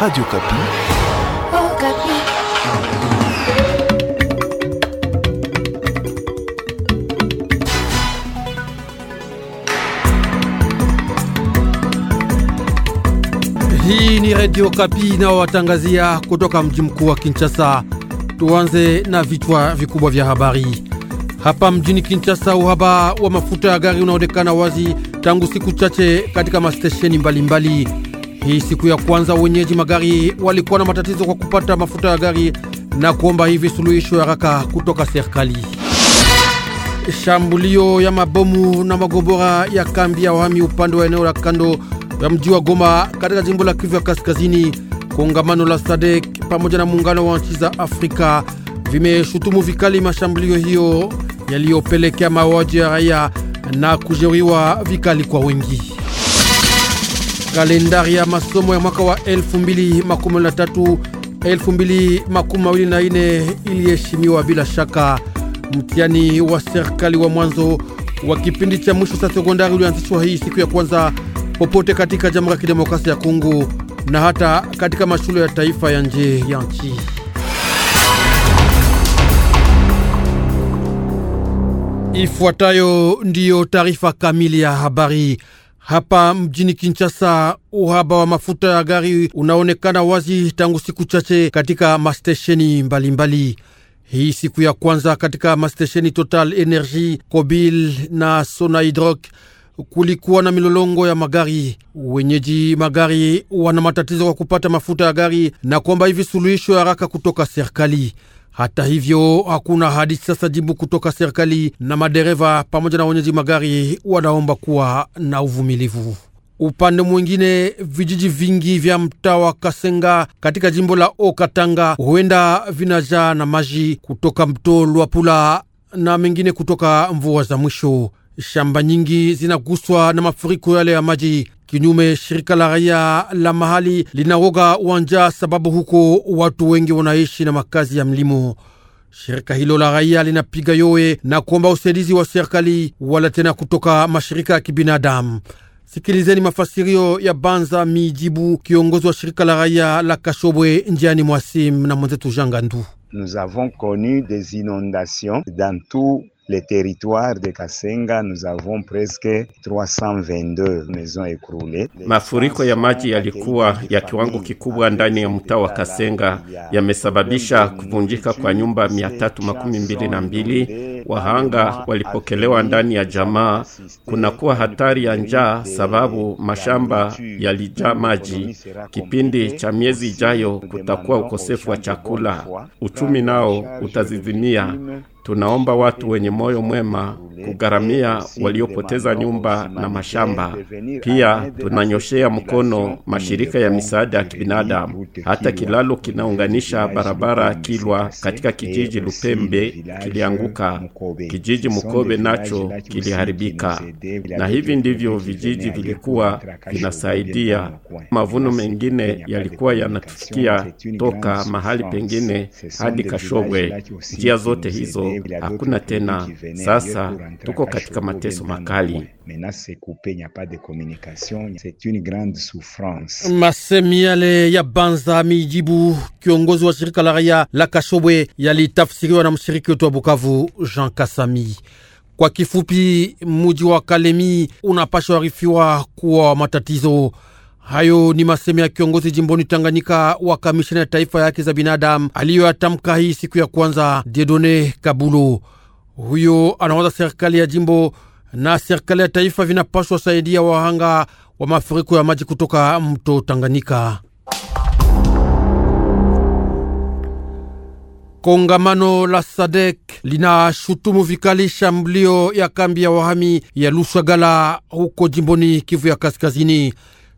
Radio Kapi. Oh, Kapi. Hii ni Radio Kapi watangazia kutoka mji mkuu wa Kinshasa. Tuanze na vichwa vikubwa vya habari. Hapa mjini Kinshasa, uhaba wa mafuta ya gari unaonekana wazi tangu siku chache katika mastesheni mbalimbali mbali. Hii siku ya kwanza wenyeji magari walikuwa na matatizo kwa kupata mafuta ya gari na kuomba hivi suluhisho ya haraka kutoka serikali. Shambulio ya mabomu na magombora ya kambi ya wahami upande wa eneo la kando ya mji wa Goma katika jimbo la Kivu ya Kaskazini. Kongamano la sadek pamoja na muungano wa nchi za Afrika vimeshutumu vikali mashambulio hiyo yaliyopelekea mauaji ya raia na kujeruhiwa vikali kwa wengi kalendari ya masomo ya mwaka wa 2023 2024 iliheshimiwa bila shaka. Mtihani wa serikali wa mwanzo wa kipindi cha mwisho cha sekondari ulianzishwa hii siku ya kwanza popote katika Jamhuri ya Kidemokrasia ya Kongo na hata katika mashule ya taifa ya nje ya nchi. Ifuatayo ndiyo taarifa kamili ya habari. Hapa mjini Kinshasa, uhaba wa mafuta ya gari unaonekana wazi tangu siku chache katika mastesheni mbalimbali. Hii siku ya kwanza katika mastesheni Total Energy, Kobil na Sonaidrok kulikuwa na milolongo ya magari. Wenyeji magari wana matatizo kwa kupata mafuta ya gari na kwamba hivi suluhisho ya haraka kutoka serikali. Hata hivyo hakuna hadi sasa jibu kutoka serikali, na madereva pamoja na wenyeji magari wanaomba kuwa na uvumilivu. Upande mwingine, vijiji vingi vya mtaa wa Kasenga katika jimbo la Okatanga huenda vinajaa na maji kutoka mto Lwapula na mengine kutoka mvua za mwisho shamba nyingi zinaguswa na mafuriko yale ya maji. Kinyume, shirika la raia la mahali linawoga wanja, sababu huko watu wengi wanaishi na makazi ya mlimo. Shirika hilo la raia linapiga yowe na kuomba usaidizi wa serikali wala tena kutoka mashirika ya kibinadamu. Sikilizeni mafasirio ya Banza Mijibu, kiongozi wa shirika la raia la Kashobwe, njiani mwasim na mwenzetu Jangandu. Nous avons connu des inondations dans tout le territoire de Kasenga, nous avons presque 322 maisons écroulées. Mafuriko ya maji yalikuwa ya kiwango kikubwa ndani ya mtaa wa Kasenga, yamesababisha kuvunjika kwa nyumba 322. Wahanga walipokelewa ndani ya jamaa. Kunakuwa hatari ya njaa sababu mashamba yalijaa maji. Kipindi cha miezi ijayo kutakuwa ukosefu wa chakula, uchumi nao utazizimia. Tunaomba watu wenye moyo mwema kugharamia waliopoteza nyumba na mashamba. Pia tunanyoshea mkono mashirika ya misaada ya kibinadamu. Hata kilalo kinaunganisha barabara Kilwa katika kijiji Lupembe kilianguka, kijiji Mukobe nacho kiliharibika, na hivi ndivyo vijiji vilikuwa vinasaidia. Mavuno mengine yalikuwa yanatufikia toka mahali pengine hadi Kashogwe. Njia zote hizo hakuna tena. Sasa tuko katika mateso makali. Masemi yale ya Banza mijibu kiongozi wa shirika la raia la Kashobwe yalitafsiriwa na mshiriki wetu wa Bukavu Jean Kasami. Kwa kifupi, muji wa Kalemi unapashwa arifiwa kuwa matatizo Hayo ni maseme ya kiongozi jimboni Tanganyika wa kamishina ya taifa ya haki za binadamu aliyoyatamka hii siku ya kwanza, Dedone Kabulu. Huyo anawaza serikali ya jimbo na serikali ya taifa vinapaswa saidia wahanga wa mafuriko ya maji kutoka mto Tanganyika. Kongamano la Sadek linashutumu vikali shambulio ya kambi ya wahami ya lushagala huko jimboni Kivu ya Kaskazini.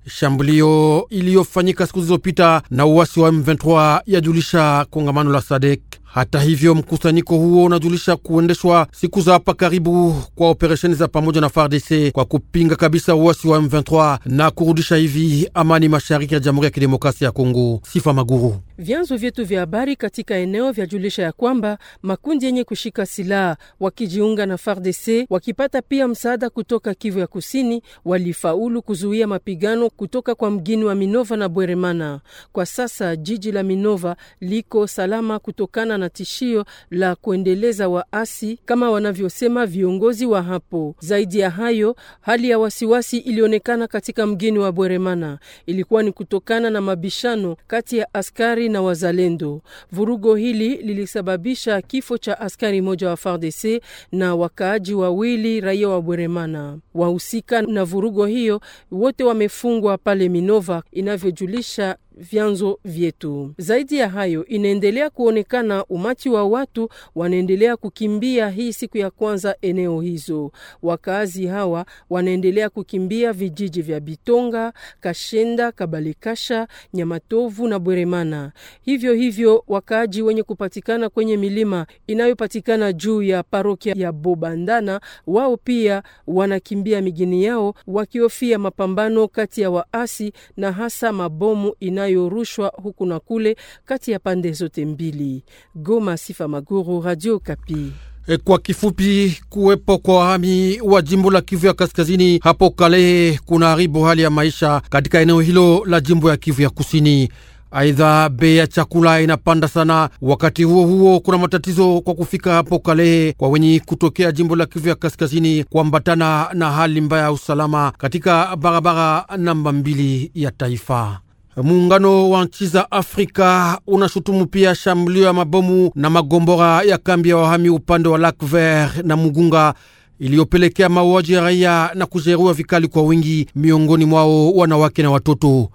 Shambulio iliyofanyika siku zilizopita na uwasi wa M23 yajulisha kongamano la Sadek. Hata hivyo, mkusanyiko huo unajulisha kuendeshwa siku za hapa karibu kwa operesheni za pamoja na FARDC kwa kupinga kabisa uwasi wa M23 na kurudisha hivi amani mashariki ya Jamhuri ya Kidemokrasia ya Kongo. Sifa Maguru. Vyanzo vyetu vya habari katika eneo vyajulisha ya kwamba makundi yenye kushika silaha wakijiunga na FARDC wakipata pia msaada kutoka Kivu ya Kusini walifaulu kuzuia mapigano kutoka kwa mgini wa Minova na Bweremana. Kwa sasa jiji la Minova liko salama kutokana na tishio la kuendeleza waasi kama wanavyosema viongozi wa hapo. Zaidi ya hayo, hali ya wasiwasi ilionekana katika mgini wa Bweremana. Ilikuwa ni kutokana na mabishano kati ya askari na wazalendo. Vurugo hili lilisababisha kifo cha askari mmoja wa FARDC na wakaaji wawili raia wa Bweremana. Wahusika na vurugo hiyo wote wamefungwa iliyotengwa pale Minova inavyojulisha vyanzo vyetu. Zaidi ya hayo, inaendelea kuonekana umati wa watu wanaendelea kukimbia hii siku ya kwanza eneo hizo. wakaazi hawa wanaendelea kukimbia vijiji vya Bitonga, Kashenda, Kabalikasha, Nyamatovu na Bweremana. Hivyo hivyo wakaaji wenye kupatikana kwenye milima inayopatikana juu ya parokia ya Bobandana, wao pia wanakimbia migini yao wakihofia mapambano kati ya waasi na hasa mabomu ina inayorushwa huku na kule kati ya pande zote mbili. Goma, Sifa Maguru, Radio Kapi. Eh, kwa kifupi, kuwepo kwa wahami wa jimbo la Kivu ya kaskazini hapo Kalehe kuna haribu hali ya maisha katika eneo hilo la jimbo ya Kivu ya kusini. Aidha, bei ya chakula inapanda sana. Wakati huo huo, kuna matatizo kwa kufika hapo Kalehe kwa wenye kutokea jimbo la Kivu ya kaskazini kuambatana na hali mbaya ya usalama katika barabara namba mbili ya taifa. Muungano wa nchi za Afrika unashutumu pia shambulio ya mabomu na magombora ya kambi ya wahami upande wa Lac Vert na Mugunga iliyopelekea mauaji ya raia na kujeruhiwa vikali kwa wingi, miongoni mwao wanawake na watoto.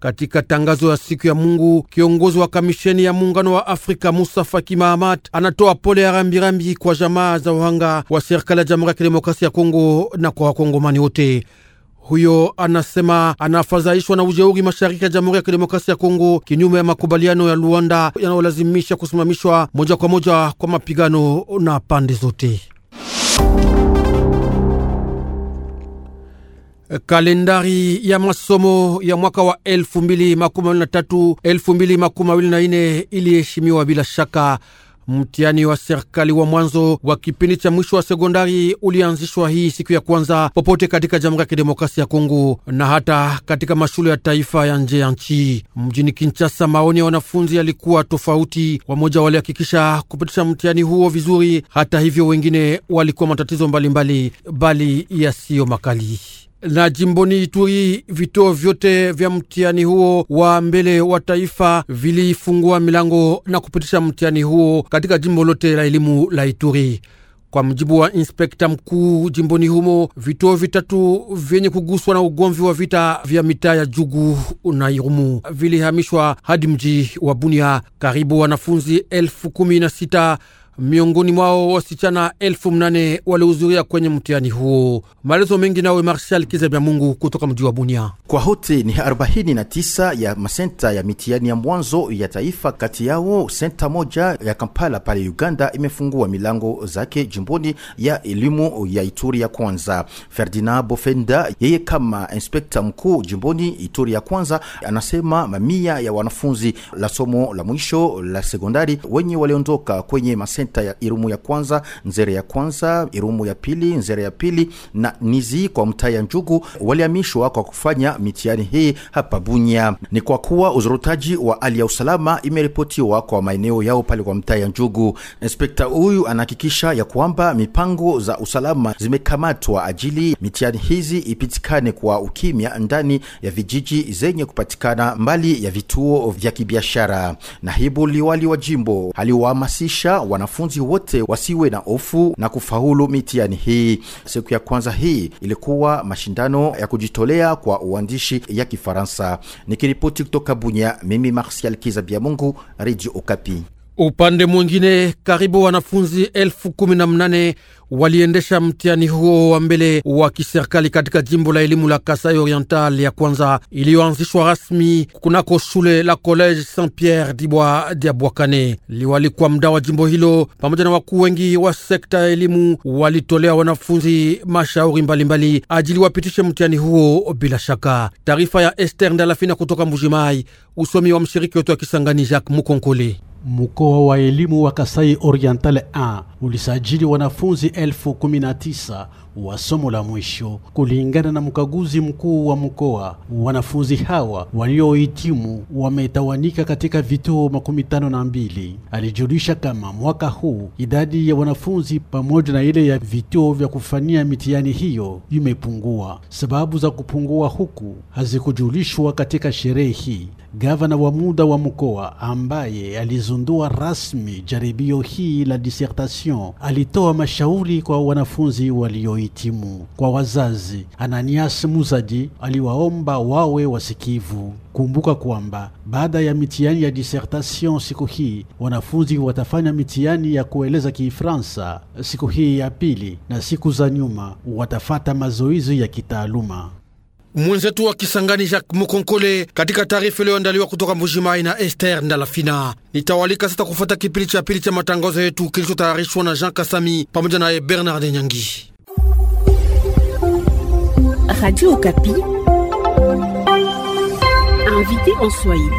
Katika tangazo ya siku ya Mungu, kiongozi wa kamisheni ya muungano wa Afrika Musa Faki Mahamat anatoa pole ya rambirambi kwa jamaa za wahanga wa serikali ya Jamhuri ya Kidemokrasia ya Kongo na kwa wakongomani wote huyo anasema anafadhaishwa na ujeuri mashariki ya Jamhuri ya Kidemokrasia ya Kongo, kinyume ya makubaliano ya Luanda yanayolazimisha kusimamishwa moja kwa moja kwa mapigano na pande zote. Kalendari ya masomo ya mwaka wa 2023 2024 iliheshimiwa bila shaka Mtihani wa serikali wa mwanzo wa kipindi cha mwisho wa sekondari ulianzishwa hii siku ya kwanza popote katika Jamhuri ya Kidemokrasia ya Kongo na hata katika mashule ya taifa ya nje ya nchi. Mjini Kinshasa, maoni ya wanafunzi yalikuwa tofauti. Wamoja walihakikisha kupitisha mtihani huo vizuri, hata hivyo wengine walikuwa matatizo mbalimbali mbali, bali yasiyo makali na jimboni Ituri vituo vyote vya mtihani huo wa mbele wa taifa vilifungua milango na kupitisha mtihani huo katika jimbo lote la elimu la Ituri. Kwa mjibu wa inspekta mkuu jimboni humo, vituo vitatu vyenye kuguswa na ugomvi wa vita vya mitaa ya Jugu na Irumu vilihamishwa hadi mji wa Bunia. Karibu wanafunzi elfu kumi na sita miongoni mwao wasichana elfu mnane walihudhuria kwenye mtihani huo. Maelezo mengi nawe Marshal Kizabya Mungu kutoka mji wa Bunia. Kwa hote ni 49 ya masenta ya mitihani ya mwanzo ya taifa, kati yao senta moja ya Kampala pale Uganda imefungua milango zake jimboni ya elimu ya Ituri ya kwanza. Ferdinand Bofenda, yeye kama inspekta mkuu jimboni Ituri ya kwanza, anasema mamia ya wanafunzi la somo la mwisho la sekondari wenye waliondoka kwenye masenta senta ya Irumu ya kwanza, Nzere ya kwanza, Irumu ya pili, Nzere ya pili na Nizi kwa mtaa ya Njugu waliamishwa kwa kufanya mitihani hii hapa Bunya. Ni kwa kuwa uzurutaji wa hali ya usalama imeripotiwa kwa maeneo yao pale kwa mtaa ya Njugu. Inspekta huyu anahakikisha ya kwamba mipango za usalama zimekamatwa ajili mitihani hizi ipitikane kwa ukimya ndani ya vijiji zenye kupatikana mbali ya vituo vya kibiashara. hibu liwali wa jimbo aliwahamasisha wana wanafunzi wote wasiwe na hofu na kufaulu mitihani hii. Siku ya kwanza hii ilikuwa mashindano ya kujitolea kwa uandishi ya Kifaransa. Nikiripoti kutoka Bunya, mimi Marsial Kiza Bya Mungu, Radio Okapi. Upande mwingine karibu wanafunzi elfu kumi na mnane waliendesha mtihani huo wa mbele wa kiserikali katika jimbo la elimu la Kasai Oriental ya kwanza iliyoanzishwa rasmi kunako shule la College Saint Pierre Dibwa dia Bwakane. Liwali kwa mda wa jimbo hilo pamoja na wakuu wengi wa sekta ya elimu walitolea wanafunzi mashauri mbalimbali mbali, ajili wapitishe mtihani huo bila shaka. Taarifa ya Esther Ndalafina kutoka Mbujimai, usomi wa mshiriki wetu wa Kisangani Jacques Mukonkole. Mkoa wa elimu wa Kasai Oriental 1 ulisajili wanafunzi elfu kumi na tisa wa somo la mwisho. Kulingana na mkaguzi mkuu wa mkoa, wanafunzi hawa waliohitimu wametawanika katika vituo makumi tano na mbili. Alijulisha kama mwaka huu idadi ya wanafunzi pamoja na ile ya vituo vya kufanyia mitihani hiyo imepungua. Sababu za kupungua huku hazikujulishwa katika sherehe hii. Gavana wa muda wa mkoa ambaye alizundua rasmi jaribio hii la dissertation alitoa mashauri kwa wanafunzi walio kuhitimu. Kwa wazazi, Ananias Muzaji aliwaomba wawe wasikivu. Kumbuka kwamba baada ya mitihani ya dissertation siku hii wanafunzi watafanya mitihani ya kueleza Kifaransa siku hii ya pili, na siku za nyuma watafata mazoezi ya kitaaluma. Mwenzetu wa Kisangani Jacques Mukonkole katika taarifa iliyoandaliwa kutoka Mbujimai na Esther Ndalafina. Nitawalika sasa kufuata kipindi cha pili cha matangazo yetu kilichotayarishwa na Jean Kasami pamoja naye Bernard Nyangi. Radio Okapi, invité en Swahili.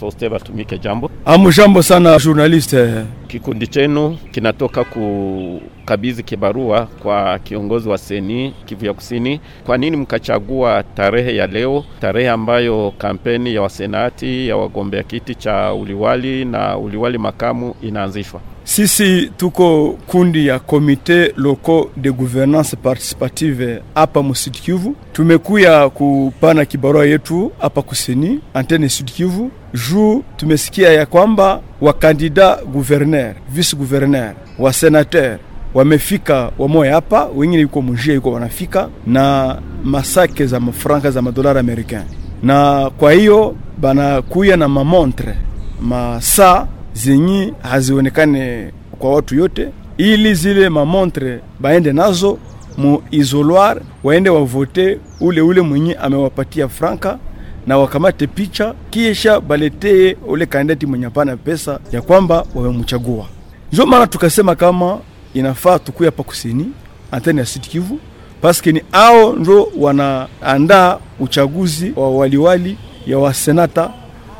Foster Batumike, jambo. Amujambo sana journaliste. Kikundi chenu kinatoka kukabizi kibarua kwa kiongozi wa seni Kivu ya Kusini. Kwa nini mkachagua tarehe ya leo, tarehe ambayo kampeni ya wasenati ya wagombea kiti cha uliwali na uliwali makamu inaanzishwa? Sisi tuko kundi ya Komite Loko de Gouvernance Participative hapa Msud Kivu. Tumekuya kupana kibarua yetu hapa kuseni antene Sud Kivu juu tumesikia ya kwamba wakandida gouverneur, vice gouverneur wa senateur wamefika wamoya hapa, wengine yuko mjia yuko wanafika na masake za mafranka za madolari amerikani, na kwa hiyo banakuya na mamontre masaa zenye hazionekane kwa watu yote, ili zile mamontre baende nazo mu isoloir, waende wavote ule ule mwenye amewapatia franka na wakamate picha kisha baletee ule kandidati mwenye pana pesa ya kwamba wamemchagua. Njo maana tukasema kama inafaa tukuya pa kusini antene ya Sud Kivu, paske ni ao ndo wanaandaa uchaguzi wa waliwali ya wasenata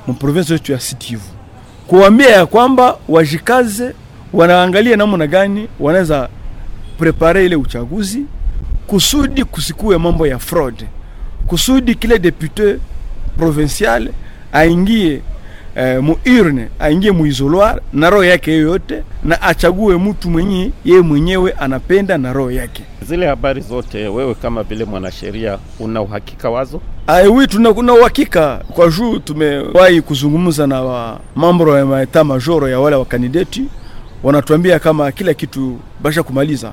mu province yetu ya Sud Kivu kuwambia ya kwamba wajikaze, wanaangalia namna gani wanaweza prepare ile uchaguzi kusudi kusikue mambo ya fraud, kusudi kile depute provincial aingie eh, mu aingie mu isoloir na roho yake yoyote, na achague mtu mwenye yeye mwenyewe anapenda na roho yake. Zile habari zote, wewe kama vile mwanasheria, una uhakika wazo? Aiwi, ah, eh, tuna uhakika kwa juu tumewahi kuzungumza na wa mambo ya maeta majoro ya wale wa kandideti wanatuambia kama kila kitu basha kumaliza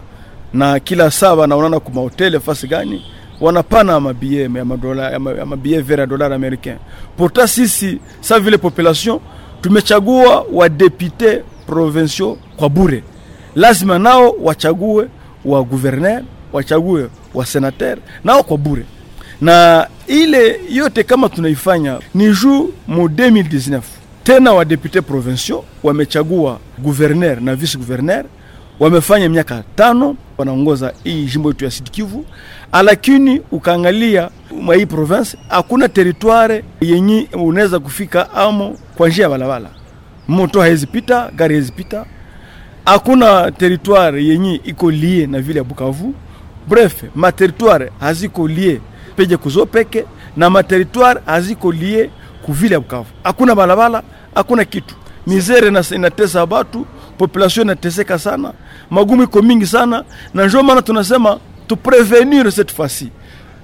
na kila saa wanaonana hoteli fasi gani wanapana mabie ya madola ya mabie vera ya dola americain. Pourtant sisi sa vile population tumechagua député provincial kwa bure, lazima nao wachague wa guverner, wachague wa senater nao kwa bure. Na ile yote kama tunaifanya ni juu mu 2019 tena wadepute provinciaux wamechagua guverner na vice guverner, wamefanya miaka tano, wanaongoza hii jimbo yetu ya Sud Kivu Ah, lakini ukaangalia mwa hii province hakuna teritware yenye unaweza kufika amo kwa njia ya balabala, moto hawezi pita, gari hawezi pita. Hakuna territoire yenye iko lie na vile ya Bukavu. Bref, territoire haziko lie peje kuzopeke na na territoire haziko lie vile ya Bukavu. Hakuna balabala, hakuna kitu. Mizere inatesa batu, population inateseka sana, magumu iko mingi sana, na njo maana tunasema tuprevenir cette fois-ci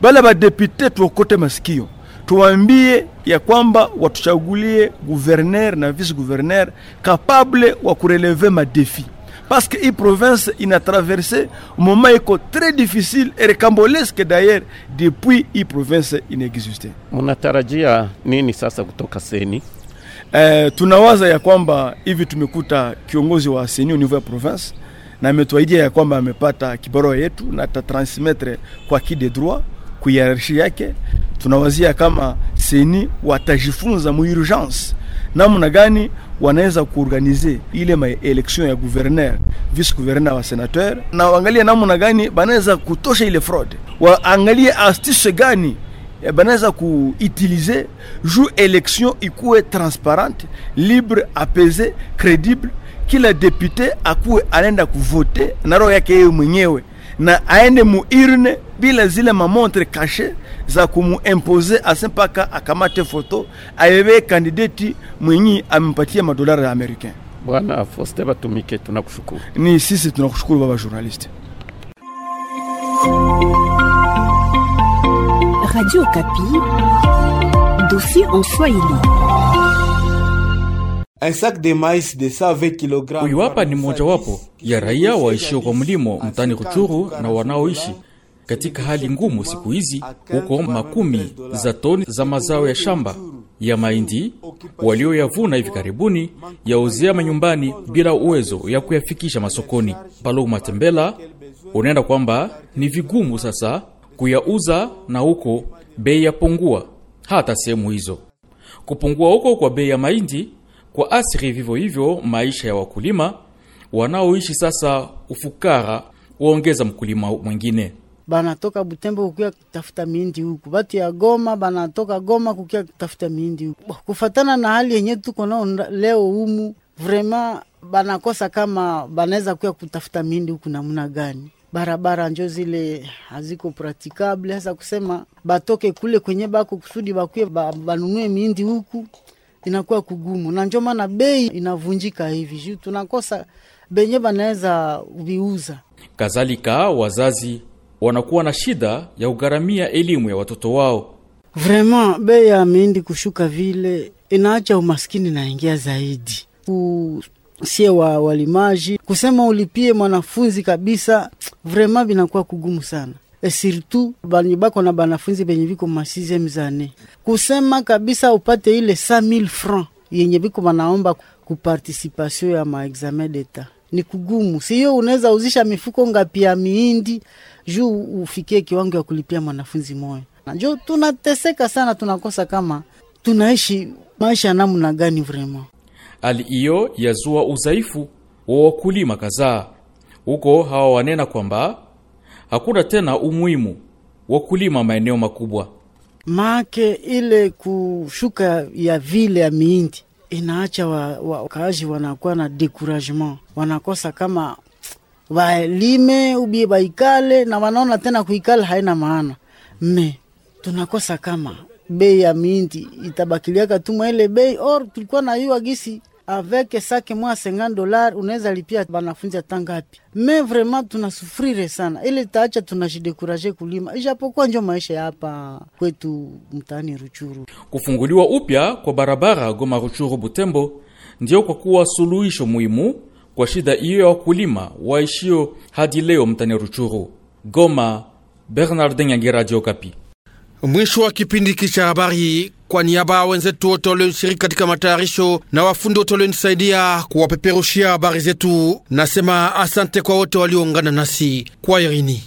bale badepute tuokote masikio tuwambie ya kwamba watuchagulie guverner na vice guverner kapable wa kureleve madefi parce que hii province ina traverse moment iko très difficile et recambolesque d'ailleurs depuis hii province inexiste. munatarajia nini sasa kutoka seni? Eh, tunawaza ya kwamba hivi tumekuta kiongozi wa seni au niveau ya province na ametuaidia ya kwamba amepata kibarua yetu na tatransmetre kwa kide droit kuiarashi yake. Tunawazia kama seni watajifunza muurgence namna gani wanaweza kuorganize ile election ya gouverneur vice gouverneur wa senateur, na waangalie namna gani banaweza kutosha ile fraud, waangalie astuce gani eh, banaweza kuutilize ju election ikuwe transparente, libre, apaise, credible kila depute akuwe anaenda kuvote na roho yake yeye mwenyewe na aende muirne bila zile mamontre kashe za kumuimpose ase mpaka akamate foto ayebe kandideti mwenyi amempatia madolara ya Americain. Bwana Foste Batumike, tunakushukuru. Ni sisi tunakushukuru baba journaliste. Radio Kapi, dossier en Swahili. Huyu hapa ni mmojawapo ya raia waishio kwa mlimo mtani Ruchuru na wanaoishi katika hali ngumu siku hizi huko, makumi za toni za mazao ya shamba ya mahindi walioyavuna hivi karibuni yauzia manyumbani bila uwezo ya kuyafikisha masokoni. Palo Matembela unaenda kwamba ni vigumu sasa kuyauza, na huko bei yapungua. Hata sehemu hizo kupungua huko kwa bei ya mahindi kuathiri vivyo hivyo maisha ya wakulima wanaoishi sasa ufukara, waongeza mkulima mwingine banatoka Butembo kukia kutafuta miindi huku, batu ya Goma banatoka Goma kukia kutafuta miindi huku. Kufatana na hali yenye tuko nao leo humu, vrema banakosa kama banaweza kuya kutafuta miindi huku namna gani? Barabara njo zile haziko pratikable, hasa kusema batoke kule kwenye bako kusudi bakuye banunue miindi huku inakuwa kugumu, na ndio maana bei inavunjika hivi juu tunakosa benye banaweza viuza. Kadhalika wazazi wanakuwa na shida ya kugharamia elimu ya watoto wao. Vraiment bei ya kushuka vile inaacha umaskini naingia zaidi U sie wa walimaji kusema ulipie mwanafunzi kabisa, vrema vinakuwa kugumu sana surtout bani bako na banafunzi benye biko ma 6e zane, kusema kabisa upate ile 100000 francs yenye biko banaomba participation ya examen d'etat ni kugumu, siyo? Unaweza uzisha mifuko ngapi ya miindi juu ufikie kiwango ya kulipia mwanafunzi moyo? Njo tunateseka sana, tunakosa kama tunaishi maisha namna gani? Vrema, hali hiyo yazua uzaifu wa wakulima kadhaa huko. Hawa wanena kwamba hakuna tena umuhimu wa kulima maeneo makubwa, make ile kushuka ya vile ya miindi inaacha wakaaji wa, wanakuwa na decouragement, wanakosa kama walime ubie baikale na wanaona tena kuikala haina maana. Me tunakosa kama bei ya mindi itabakiliaka tumwa ile bei or tulikuwa na hiyo agisi avec saki mwa 50 dollars unaweza lipia banafunzi hata ngapi? Me vraiment tunasufrire sana, ili taacha tunajidekuraje kulima, ijapokuwa njo maisha hapa kwetu mtaani Ruchuru. Kufunguliwa upya kwa barabara Goma Ruchuru Butembo ndio kwa kuwa suluhisho muhimu kwa shida hiyo ya wakulima waishio hadi leo mtaani Ruchuru. Goma, Bernardin Yangi, Radio Kapi. Mwisho wa kipindi hiki cha habari kwa niaba ya wenzetu wote walioshiriki katika matayarisho na wafundi wote walionisaidia kuwapeperushia habari zetu, nasema asante kwa wote walioungana nasi kwa Irini.